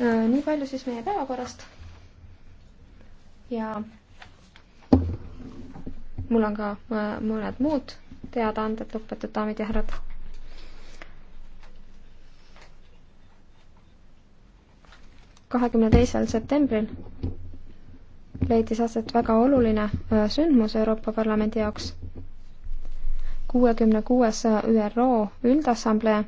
Äh, nii palju siis meie päevakorrast. ja mul on ka äh, mõned muud teadaanded, lugupeetud daamid ja härrad. kahekümne teisel septembril leidis aset väga oluline äh, sündmus Euroopa Parlamendi jaoks. kuuekümne kuues ÜRO Üldassamblee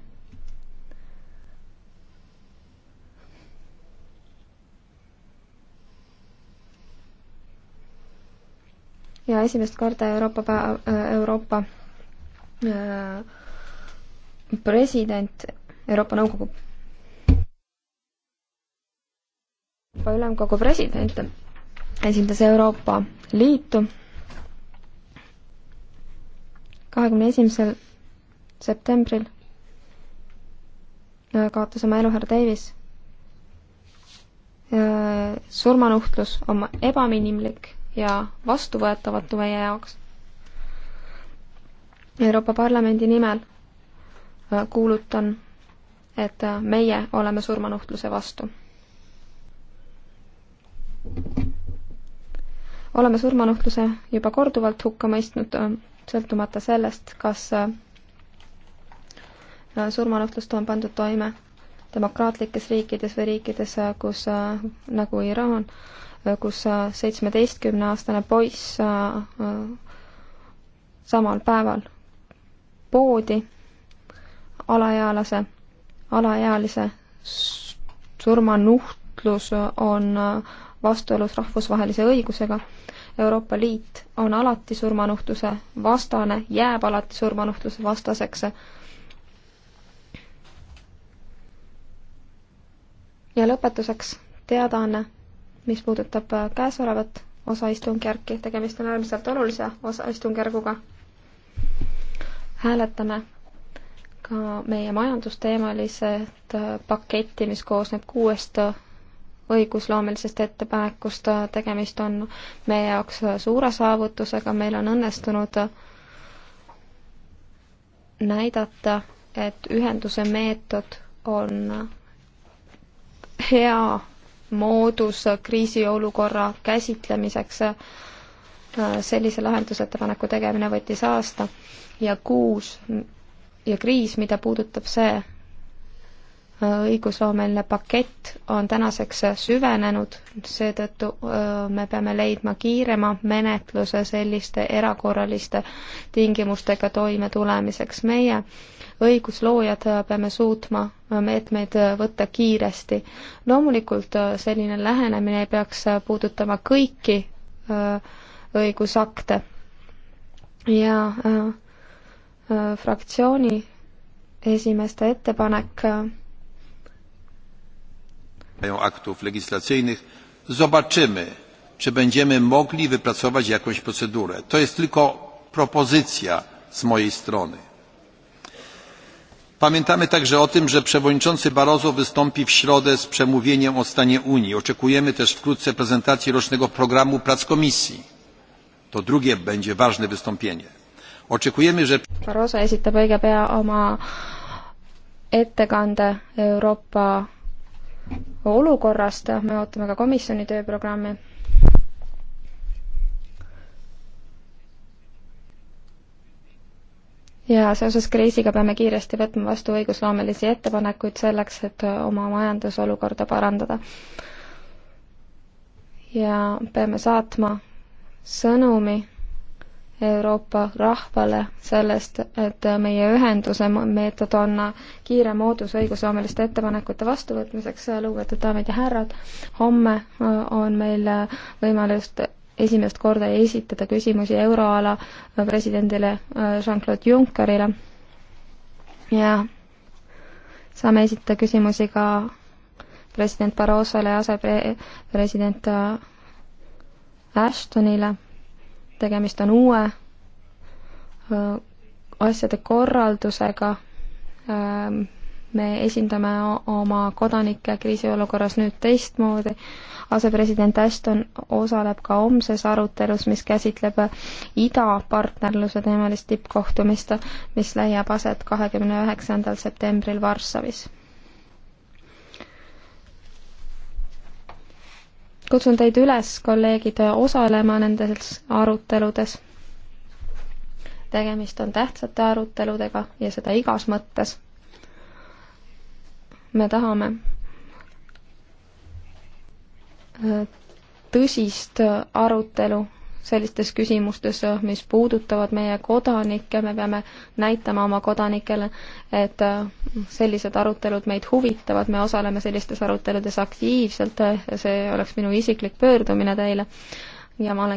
ja esimest korda Euroopa, Euroopa äh, president, Euroopa Nõukogu, Euroopa Ülemkogu president esindas Euroopa Liitu kahekümne esimesel septembril äh, kaotas oma elu härra Davis. Äh, surmanuhtlus on ebainimlik ja vastuvõetamatu meie jaoks. Euroopa Parlamendi nimel äh, kuulutan, et äh, meie oleme surmanuhtluse vastu. oleme surmanuhtluse juba korduvalt hukka mõistnud, äh, sõltumata sellest, kas surmanuhtlust on pandud toime demokraatlikes riikides või riikides, kus nagu Iraan, kus äh, seitsmeteistkümneaastane poiss äh, äh, samal päeval poodi alaealase, alaealise surmanuhtlus on vastuolus rahvusvahelise õigusega. Euroopa Liit on alati surmanuhtluse vastane, jääb alati surmanuhtluse vastaseks. ja lõpetuseks teadaanne mis puudutab äh, käesolevat osa istungjärki, tegemist on äärmiselt olulise osa istungjärguga. hääletame ka meie majandusteemalised äh, paketti, mis koosneb kuuest äh, õigusloomelisest ettepanekust, tegemist on meie jaoks suure saavutusega, meil on õnnestunud näidata, et ühenduse meetod on hea moodus kriisiolukorra käsitlemiseks. sellise lahendusettepaneku tegemine võttis aasta ja kuus ja kriis, mida puudutab see õigusloomeline pakett, on tänaseks süvenenud, seetõttu me peame leidma kiirema menetluse selliste erakorraliste tingimustega toimetulemiseks. meie õigusloojad äh, peame suutma äh, meetmeid äh, võtta kiiresti. loomulikult selline lähenemine peaks puudutama kõiki õigusakte ja fraktsiooni esimeeste ettepanek aktów legislacyjnych zobaczymy czy będziemy mogli wypracować jakąś procedurę. to jest tylko propozycja z mojej strony pamiętamy także o tym że przewodniczący barroso wystąpi w środę z przemówieniem o stanie unii. oczekujemy też wkrótce prezentacji rocznego programu prac komisji to drugie będzie ważne wystąpienie. oczekujemy że barroso esitab õige pea oma ettekande euroopa olukorrast me ootame ka komisjoni tööprogrammi. ja seoses kriisiga peame kiiresti võtma vastu õigusloomelisi ettepanekuid selleks, et oma majandusolukorda parandada. ja peame saatma sõnumi Euroopa rahvale sellest, et meie ühenduse meetod on kiire moodus õigusloomeliste ettepanekute vastuvõtmiseks, lugupeetud daamid ja härrad, homme on meil võimalus esimest korda esitada küsimusi euroala presidendile äh, Jean-Claude Junckerile ja saame esitada küsimusi ka president Barrosole ja asepresident äh, Ashtonile. tegemist on uue äh, asjade korraldusega ähm, me esindame oma kodanikke kriisiolukorras nüüd teistmoodi. asepresident Ashton osaleb ka homses arutelus, mis käsitleb idapartnerluse teemalist tippkohtumist, mis leiab aset kahekümne üheksandal septembril Varssavis. kutsun teid üles, kolleegid, osalema nendes aruteludes. tegemist on tähtsate aruteludega ja seda igas mõttes me tahame äh, tõsist arutelu sellistes küsimustes, mis puudutavad meie kodanikke, me peame näitama oma kodanikele, et äh, sellised arutelud meid huvitavad, me osaleme sellistes aruteludes aktiivselt, see oleks minu isiklik pöördumine teile ja ma olen